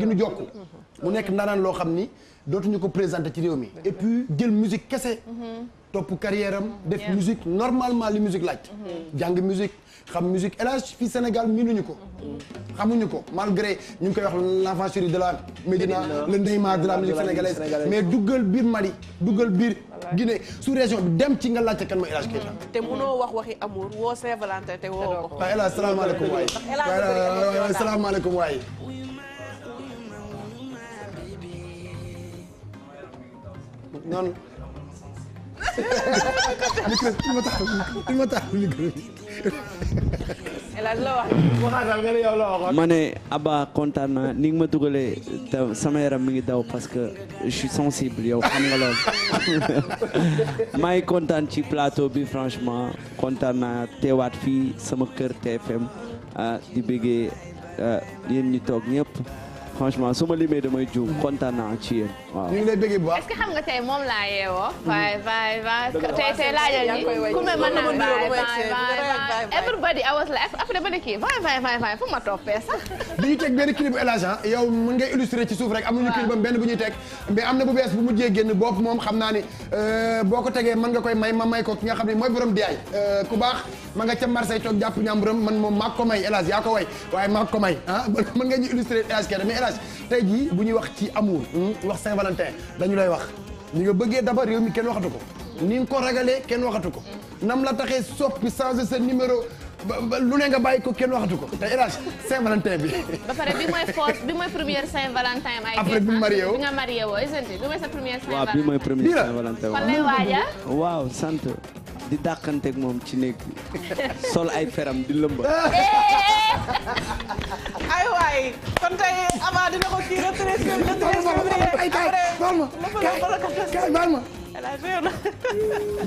gi nu jokk mu nekk ndaanaan loo xam ni dootuñu ko présenté ci réew mi et puis jël musique kese mm-hmm. topp carrière am def musique normalement li musique laaj mm-hmm. jàng musique xam musique élage fii Sénégal miinuñu ko mm-hmm. xamuñu ko malgré ñu ngi koy wax la chéri de la Médina le Neymar de la musique sénégalaise mais duggal biir Mali duggal biir Guinée sous région bi dem ci nga laajte kenn mooy Elaj Keita te munoo wax waxi amour woo Saint-Valentin te woo ko waaw Elaj salaamaaleykum waay waaw waay noonu. il ma taxal il ma taxal micro bi. El Hadj la wax. waxaatal nga ne yow la waxoon. ma ne Abba kontaan naa ni nga ma dugalee te sama yaram mi ngi daw parce que je suis sensible yow xam nga lool. maa ngi kontaan ci plateau bi franchement kontaan naa teewaat fii sama kër TFM ah, di bëggee ah, yéen ñi toog ñëpp. franchement su ma limee damay juum kontaan naa ci yéen waaw. ñu ngi lay bëggee bu baax. est-ce que xam nga ma naan waay waay waay everybody I was ba ne kii waay ñu teg benn clip ah. yow mën ngay illustré ci suuf rek amuñu clip am benn bu ñuy teg mais am na bu bees bu mujjee génn bopp moom xam naa ni euh, boo ko tegee man nga koy may ma may ko ki nga xam ne mooy borom diyaay euh, ku baax ma nga ca Marseille toog jàpp ñàmburam man moom maa ko may El Hadj yaa ko way waaye maa ko may ah nga ñu illustré El Hadj Elhadj tey jii bu ñuy wax ci amour hmm, wax Saint-Valentin dañu lay wax ni nga bëggee daba réew mi kenn waxatu ko ni ko ragalee kenn waxatu ko nam la taxee soppi changer sa numéro lu ne nga bàyyi ko kenn waxatu ko te Elhadj Saint-Valentin bi. ba pare bi mooy fausse bi mooy première Saint-Valentin. ay après bi mooy sa première Saint-Valentin. waaw bi waaja. waaw sant di dàqanteeg moom ci néeg sol ay feram di lëmba. Eh! ay waay kon tey Ama dina ko kii le treize février le treize février après kay baal ma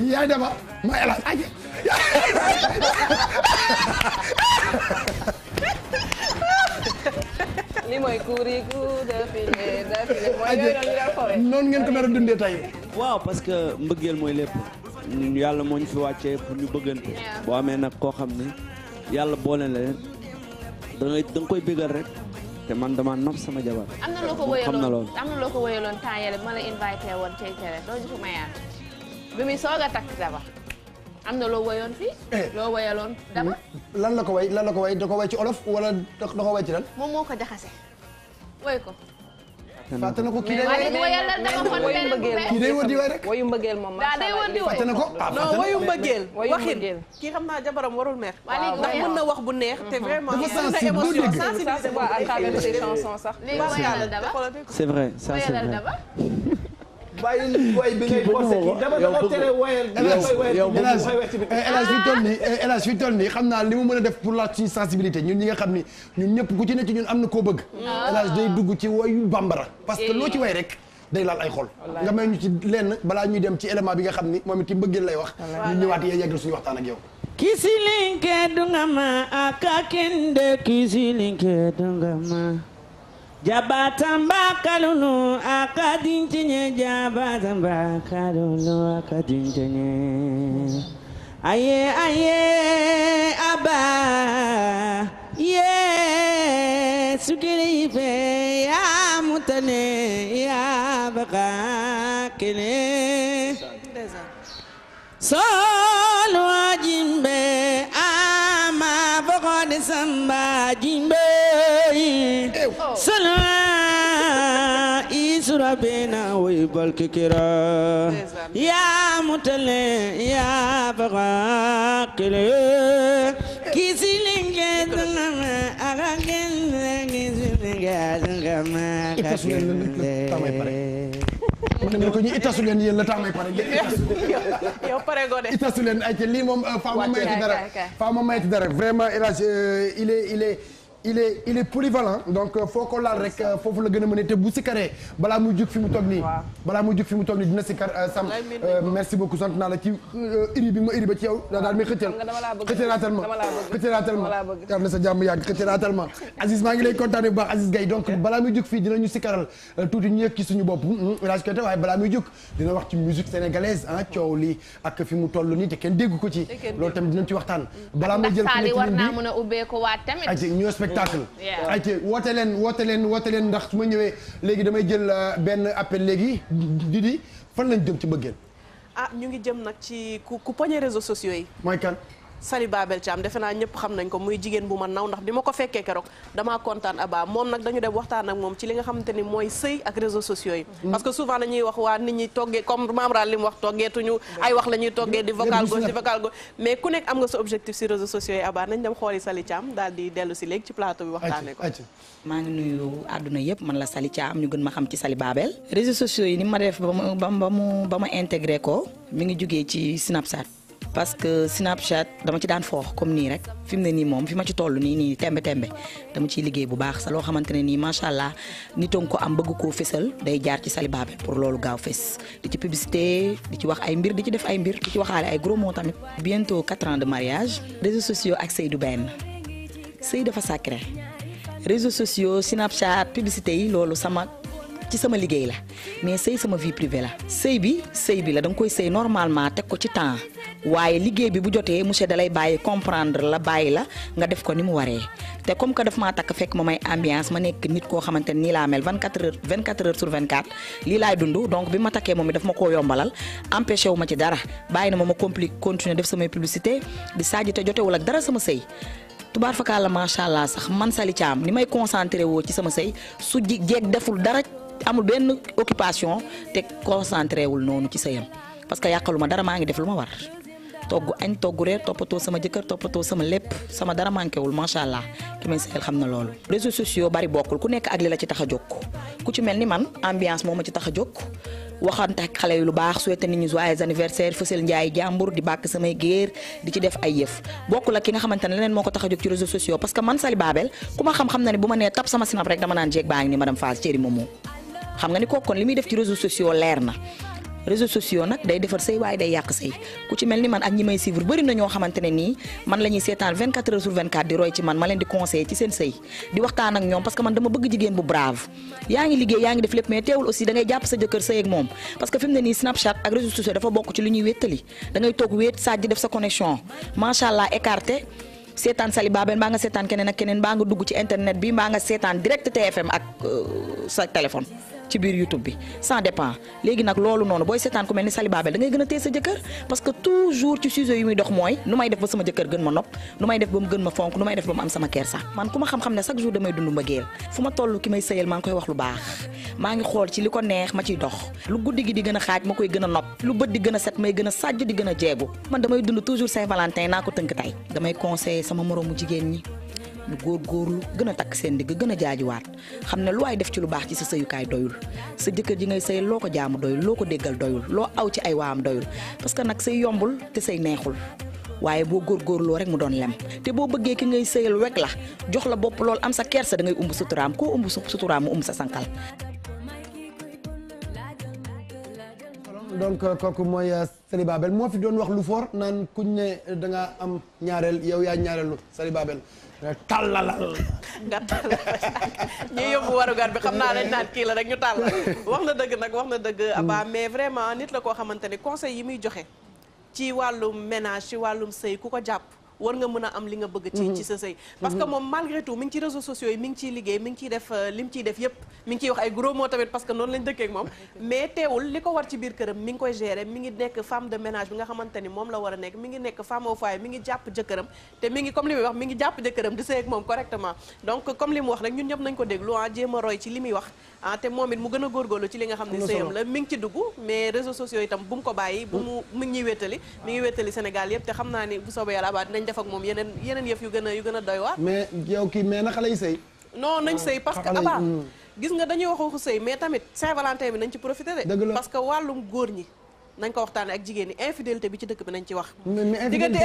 yaay dama ma El Hadj aje li mooy kuriku dafile dafile mooy yooyu noonu ngeen ko nar a dundee tey. waaw parce que mbëggeel mooy lépp yàlla moo ñu fi wàccee pour ñu bëggante boo amee nag koo xam ne yàlla boole na leen. da da nga koy bégal rek te man dama nopp sama jabar. am na loo ko wéyaloon am na loo ko wéyaloon temps yële ma la invité woon tey ko mayaat bi muy soog a takk jabar am na loo woyoon fi eh. loo woyaloon dama. lan la ko way lan la ko way da ko way ci olof wala da ko way ci lan. moom moo ko jaxase ko. fàtte na ko kii day wër di way rek wayu mbëggeel moom maa day wër di way fàtte na ko ah, non wayu mbëggeel waxin kii xam naa jabaram warul mer ndax mën na wax bu neex te mhm. vraiment dafa sensibiliser à travers ses chansons sax c'est vrai ça c'est vrai bàyyi way bi yow El Hadj fi toll nii xam naa li mu mën a def pour la suñu sensibilité ñun ñi nga xam ni ñun ñëpp ku ci ne ci ñun am na koo bëgg. El Hadj day dugg ci wayu bambara. parce que loo ci way rek. day laal ay xol nga may ñu ci lenn balaa ñuy dem ci élément bi nga xam ni moom it mbëggeel lay wax ñu ñëwaat yee yeggal suñu waxtaan ak yow kisilinke dungama aka kende kisilinke dungama Jabatamba kalulu akadintinye jabatamba kalulu akadintinye aye aye aba ye sukiri ife ya mutane ya baka kene so بالك كرا يا متلي يا بغاقل كيسلين جدل أغاقل كيسلين جدل كما كاكل mën nañu ko ñu itasu leen yéen la tax may pare yow pare goo de itasu leen ay lii moom euh, faa ma mayati dara faa ma mayati dara vraiment euh, il est il est il est il donc foo ko rek foofu la gën a mën a te bu sikaree balaa mu toog nii balaa muy jug fi mu toog nii dina sikar euh, Sam euh, merci beaucoup sant naa la ci euh, iri bi ma iri ba ci yow daal mi xëccal ma Aziz maa ngi lay kontaane bu baax Aziz Gaye donc balaa sikaral tuuti ñu yëg ci suñu bopp Elaj hmm, hmm, Koité waaye balaa muy jug dina wax ci sénégalaise ah, coow li ak fi mu toll nii te kenn dégg ko ci loolu tamit dinañ ci waxtaan balaa may jël ko spectacle. ay te woote leen woote leen woote leen ndax su ma ñëwee léegi damay jël euh, benn appel léegi di di fan lañ jëm ci mbëggeel. ah ñu ngi jëm nag ci ku ku poñe réseaux sociaux yi. mooy kan. Sali Babel Thiam defe naa ñëpp xam nañ ko muy jigéen bu ma naw ndax bi ma ko fekkee keroog damaa kontaan Abba moom nag dañu dem waxtaan ak moom ci li nga xamante ni mooy sëy ak réseaux sociaux yi mm-hmm. parce que souvent dañuy wax waa nit ñi toggee comme memral li mu wax toggeetuñu ay wax la ñuy toggee di vocal gauche di vocal gauche mais ku nekk am nga sa objectif si réseaux sociaux yi Abba nañ dem xooli Sali Thiam daal di dellu si léegi ci plateau bi waxtaanee ko maa yëpp man la Sali Thiam ñu gën ma xam ci Sali Babel réseaux sociaux yi ni ma ba mu ba mu ko mi ngi jugee ci Snapchat parce que Snapchat dama ci daan foox comme nii rek fi mu ne nii moom fi ma ci toll nii nii tembe tembe dama ciy liggéey bu baax sa loo xamante ne nii macha allah nitoon ko am bëgg koo fésal day jaar ci Salibabé pour loolu gaaw fés di ci publicité di ci wax ay mbir di ci def ay mbir di ci waxaale ay gros mots tamit. bientôt quatre ans de mariage. réseaux sociaux ak sëy du benn sëy dafa sacré réseaux sociaux Snapchat publicité yi loolu sama. ci sama liggéey la mais sëy sama vie privée la sëy bi sëy bi la da nga koy sëy normalement teg ko ci temps waaye liggéey bi bu jotee monsieur da lay bàyyi comprendre la bàyyi la nga def ko ni mu waree te comme que daf maa takk fekk ma may ambiance ma nekk nit koo xamante ni nii laa mel 24 heures 24 heures sur 24 lii laay dund donc bi ma takkee moom it daf ma koo yombalal empêché ma ci dara bàyyi na ma ma compliqué continuer def samay publicité di saaji te jotewul ak dara sama sëy tubaar fakkaat macha allah sax man Sali Thiam ni may concentré woo ci sama sëy su jeeg deful dara amul benn occupation te concentré wul noonu ci sëyam parce que yàqaluma dara maa ngi def lu ma war togg añ togg reer toppatoo sama jëkkër toppatoo sama lépp sama dara manqué wul macha allah ki may sëyal xam na loolu. réseaux sociaux bari bokkul ku nekk ak li la ci tax a jóg ku ci mel ni man ambiance moo ma ci tax a jóg waxante ak xale yu lu baax souhaité nit ñi joyeux anniversaire fësal njaay jàmbur di bàkk samay géer di ci def ay yëf bokkul ak ki nga xamante ne leneen moo a jóg ci réseaux sociaux parce que man xam nga ni kooku kon li muy def ci réseaux sociaux leer na réseaux sociaux nag day defar sëy waaye day yàq sëy ku ci mel ni man ak ñi may suivre bëri na ñoo xamante ne nii man la ñuy seetaan 24 heures sur 24 di roy ci man ma leen di conseiller ci seen sëy di waxtaan ak ñoom parce que man dama bëgg jigéen bu brave yaa ngi liggéey yaa ngi def lépp mais teewul aussi da ngay jàpp sa jëkkër sëy ak moom parce que ne nii Snapchat ak réseaux sociaux dafa bokk nga seetaan keneen ak keneen mbaa nga dugg ci internet bi mbaa nga seetaan direct TFM euh, sa téléphone ci biir YouTube bi ça dépend léegi nag loolu noonu booy seetaan ku mel ni Sali Babel da ngay gën a téye sa jëkkër parce que toujours ci sujet yu muy dox mooy nu may def ba sama jëkkër gën ma nopp nu may def ba mu gën ma fonk nu may def ba mu am sama kersa man ku ma xam-xam ne chaque jour damay dund mbëggeel fu ma toll ki may sëyal maa ngi koy wax lu baax maa ngi xool ci li ko neex ma ciy dox lu guddi gi di gën a xaaj ma koy gën a nopp lu bët di gën a set may gën a sàjj di gën man damay dund toujours Saint Valentin naa ko tënk tey damay conseiller sama moroomu jigéen ñi ñu góorgóorlu gën a takk seen digg gën a jaajiwaat xam ne lu waay def ci lu baax ci sa sëyukaay doyul sa jëkkër ji ngay sëyal loo ko jaamu doyul loo ko déggal doyul loo aw ci ay am doyul parce que nag sëy yombul te sëy neexul waaye boo góor góorgóorloo rek mu doon lem te boo bëggee ki ngay sëyal wek la jox la bopp lool am sa kersa da ngay umb suturaam koo umb suturaam mu umb sa sankal donc euh, kooku mooy euh, Sali Babel moo fi doon wax lu foor naan kuñ ne da nga am ñaareel yow yaa ñaareelu Sali Babel tallalal nga tàll ñu yóbbu warugar bi xam naa dañ naan kii la rek ñu tàll wax na dëgg nag wax na dëgg Abba mm. mais vraiment nit la koo xamante ne conseil yi muy joxe ci wàllum ménage ci wàllum sëy ku ko jàpp war nga mën a am li nga bëgg ci ci sa sëy parce que mhm. moom malgré tout mi ngi ci réseaux sociaux yi mi ngi ciy liggéey mi ngi ciy def euh, li ngi ciy wax ay gros mots tamit parce que noonu lañ dëkkee ak moom mais teewul ko war ci biir këram mi ngi koy gérer mi ngi nekk femme de ménage bi nga xamante ni moom la war a nekk mi ngi nekk femme au foyer mi ngi jàpp jëkkëram te mi ngi comme li muy wax mi ngi jàpp jëkkëram di sëy moom correctement donc comme li mu wax rek ñun ñëpp nañ ko déglu ah jéem a roy ci li muy wax ah te moom it mu gën a góorgóorlu ci li nga xam ne sëyam la mi ngi ci dugg mais réseaux sociaux itam bu mu ko bàyyi bu mu mi ngi ñuy wéttali mi ngi wéttali Sénégal yëpp te xam naa ni bu soobee yàlla abaa dinañ def ak moom yeneen yeneen yu gën a yu gën a doy waar mais yow kii mais na xale yi sëy non nañ sëy ah, parce que abaa hmm. gis nga dañuy wax waxu sëy mais tamit Saint-Valentin bi nañ ci profité de parce que wàllum góor ñi nañ ko waxtaane ak jigéen ñi infidélité bi ci dëkk bi nañ ci wax diggante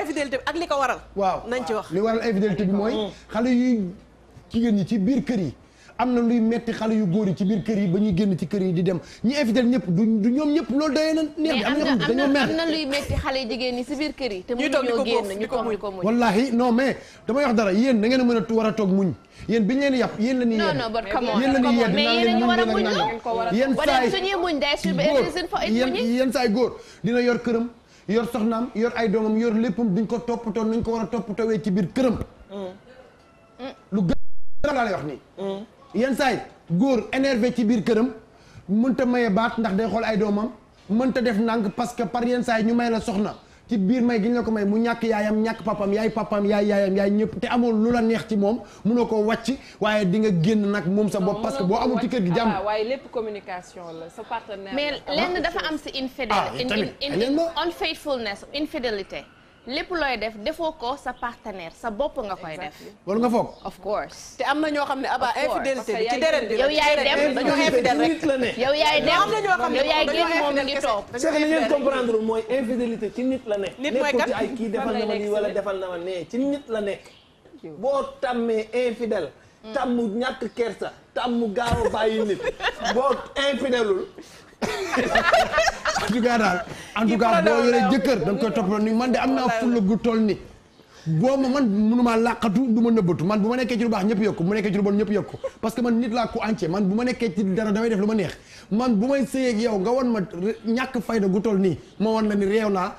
infidélité bi li ko waral waaw nañ ci wax li waral infidélité bi mooy hmm. biir kër yi am na luy metti xale yu góor yi ci biir kër yi ba ñuy génn ci kër yi di dem ñi invité ñëpp du ñoom ñëpp loolu doy na neex bi am na dañoo mer am na luy metti xale jigéen ñi ci biir kër yi te mu ñoo génn ñu toog di ko muñ wallahi non a a war a toog muñ yéen bi ñu leen yàpp yéen la ñuy yedd yéen la ñuy yedd naan leen muñ leen naan yéen saay góor yéen saay góor dina yor këram yor soxnaam yor ay doomam yor léppam duñ ko toppatoo nuñ ko war a toppatoowee ci biir këram mm. lu gën laa lay wax nii mm. yenn saay góor énervé ci biir këram mënta maye baat ndax day xool ay doomam mënta def nànk parce que par yenn saay ñu may la soxna ci biir may gi ñu ko may mu ñàkk yaayam ñàkk papam yaay papam yaay yaayam yaay ñëpp te amul lu la neex ci moom munoo ko wàcc waaye di nga génn nag moom sa bopp parce que boo amul ci kër gi jàmm ah, waaye lépp communication la sa partenaire mais lenn dafa am si infidèle ah, in unfaithfulness infidélité lépp looy def defoo ko sa partenaire sa bopp nga koy def. loolu nga foog. of course. te am na ñoo xam ne abaa infidélité bi ci deret bi yow yaay dem dañoo infidèle rek yow yaay na ñoo xam ne yow yaay que li ngeen comprendre mooy infidélité ci nit la ne. nit mooy kat ay kii defal na ma nii wala defal na ma nee ci nit la nekk. boo tàmmee infidèle. tàmm ñàkk kersa tàmm gaaw a bàyyi nit boo infidèlul en tout cas daal en tout cas boo yoree jëkkër da nga koy toppatoo ni man de am naa fulla gu toll ni boo ma man mënumaa làqatu du ma nëbbatu man bu ma nekkee ci lu baax ñëpp yokk bu ma nekkee ci lu bon ñëpp yokk parce que man nit laa ko entier man bu ma nekkee ci dara damay def lu ma neex man bu may sëyeeg yow nga wan ma ñàkk fayda gu toll nii ma wan la ni réew naa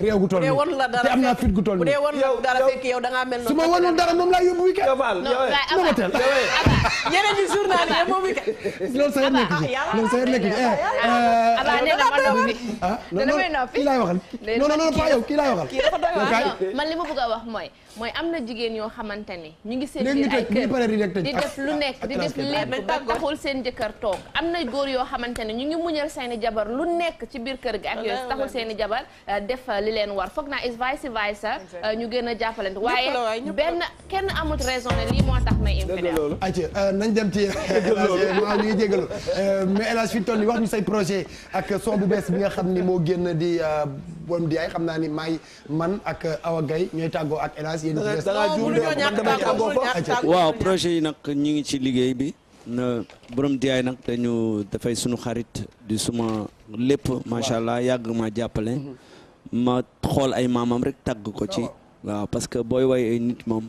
réew gu toll nii te am naa fit gu toll nii. yow yow su ma wanoon dara moom laa yóbbu week-end. yow Faal yow yow abaa ah, eh, eh, nee na ma noppi nee na may noppi kii laay waxal. non non non yow kii laay waxal. man li ma bëgg a wax mooy. mooy am na jigéen yoo xamante ni ñu ngi servir ay kër di def lu nekk di def lépp ba taxul seen jëkkër toog am na góor yoo xamante ne ñu ngi muñal seeni jabar lu nekk ci biir kër gi ak yooyu taxul seeni jabar def li leen war foog naa is vice versa euh, ñu gën a jàppalante waaye benn kenn amut raison ne lii moo tax may infidèle loolu acca euh, nañ dem ci waaw ñu ngi jégalu euh, mais El Hadj fi toll ni wax ñu say projet ak son bu bees bi nga xam ni moo génn di borom di yaay xam naa ni maay man ak Awa Gaye ñooy tàggoo ak El Hadj yéen ci waaw projet yi nag ñu ngi ci liggéey bi na borom diyaay nag dañu dafay sunu xarit di suma lépp macha allah yàgg ma jàppale mhm. ma xool ay maamam rek tagg ko ci waaw parce que booy way ay nit moom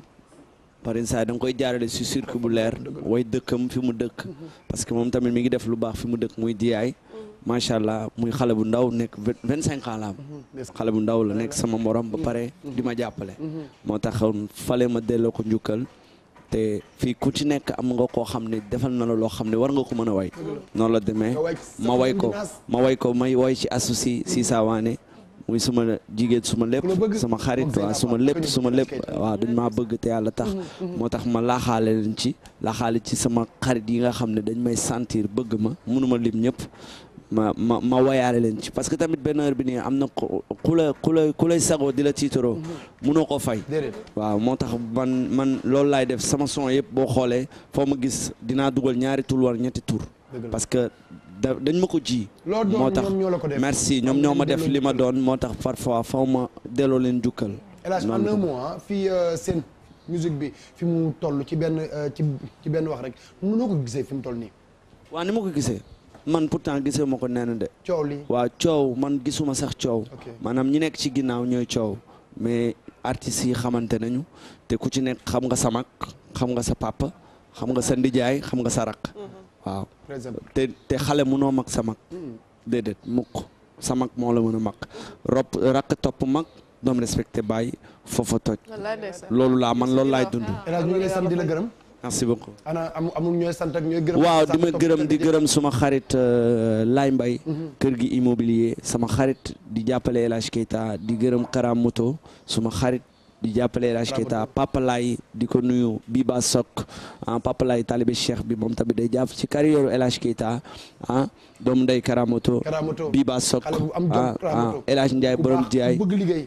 par exemple da danga koy jaarale si circuit bu leer way dëkkam fi mu dëkk parce que moom tamit mi ngi def lu baax fi mu dëkk muy diyaay macha allah muy xale bu ndaw nekk vingt cinq ans xale bu ndaw la nekk sama morom ba pare di ma jàppale moo tax fale ma delloo ko njukkal te fii ku ci nekk am nga koo xam ne defal na la loo xam ne war nga ko mën a way noonu la demee ma way ko ma way ko may way ci associé si saawaane muy suma jigéen suma lépp sama xarit waaw suma lépp suma lépp waaw dañ maa bëgg te yàlla tax mm-hmm, mm-hmm. moo tax ma laaxaale leen ci laaxaale ci sama xarit yi nga xam ne dañ may sentir bëgg ma munuma lim ñëpp ma ma ma wayaale leen ci parce que tamit benn heure bi nii am na ku la ku la sagoo di la tiitaroo munoo mm-hmm. ko fay waaw moo tax man man loolu laay def sama son yëpp boo xoolee foo ma gis dinaa dugal ñaari tur war parce que dañ ma ko ji. moo tax merci ñoom ñoo ma def li ma doon moo tax parfois faw ma delloo leen jukkal. noonu un mois ah, fii euh, seen musique bi fi mu toll ci benn euh, ci benn wax rek noo ko gisee fi mu toll nii. waa ni ma ko gisee. man temps gisee ma ko nen de. coow li waaw coow man gisuma sax coow. maanaam ñu nekk ci ginnaaw ñooy coow. mais artistes yi xamante nañu te ku ci nekk xam nga sa mag xam nga sa pàpp xam nga sa ndijaay xam nga sa rak mhm. waaw te te xale munoo mag sa mag déedéet mukk sa mag moo la mën a mag rob rakk topp mag doom respecté bàyyi foofa toj loolu laa man loolu laay dund ñu ngi lay sant di la gërëm merci beaucoup amul ñooy sant ak ñooy gërëm waaw di ma gërëm di gërëm suma xarit euh, Laay Mbay mhm. kër gi immobilier sama xarit di jàppale El Hadj Keita di gërëm Karam Moto suma xarit di jàppale El Hadj Keita Papa Laay di ko nuyu Biba Sok ah Papa Laay talibé cheikh bi moom tamit day jàpp ci carrière El Hadj Keita ah doomu ndey Karamoto Biba Sok a ah, ah, El Hadj Ndiaye borom Ndiaye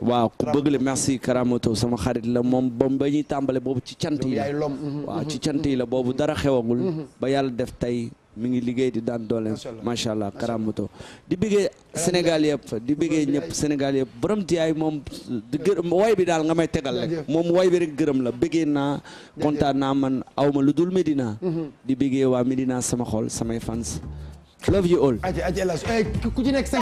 waaw ku bëgg la merci Karamoto sama xarit la moom ba ba ñuy boobu ci cant yi mm-hmm. ci cant la mm-hmm. boobu dara xewagul mm-hmm. ba yàlla def mi ngi liggéey di daan dooleem macha allah karamoto di bëggee Sénégal yëpp di bëggee ñëpp Sénégal yëpp borom Diaye moom di woy bi daal nga may tegal rek moom woy bi rek gërëm la bëggee naa kontaan naa man awma lu dul Medina mm-hmm. di bëggee waa Medina sama xol samay fans love you all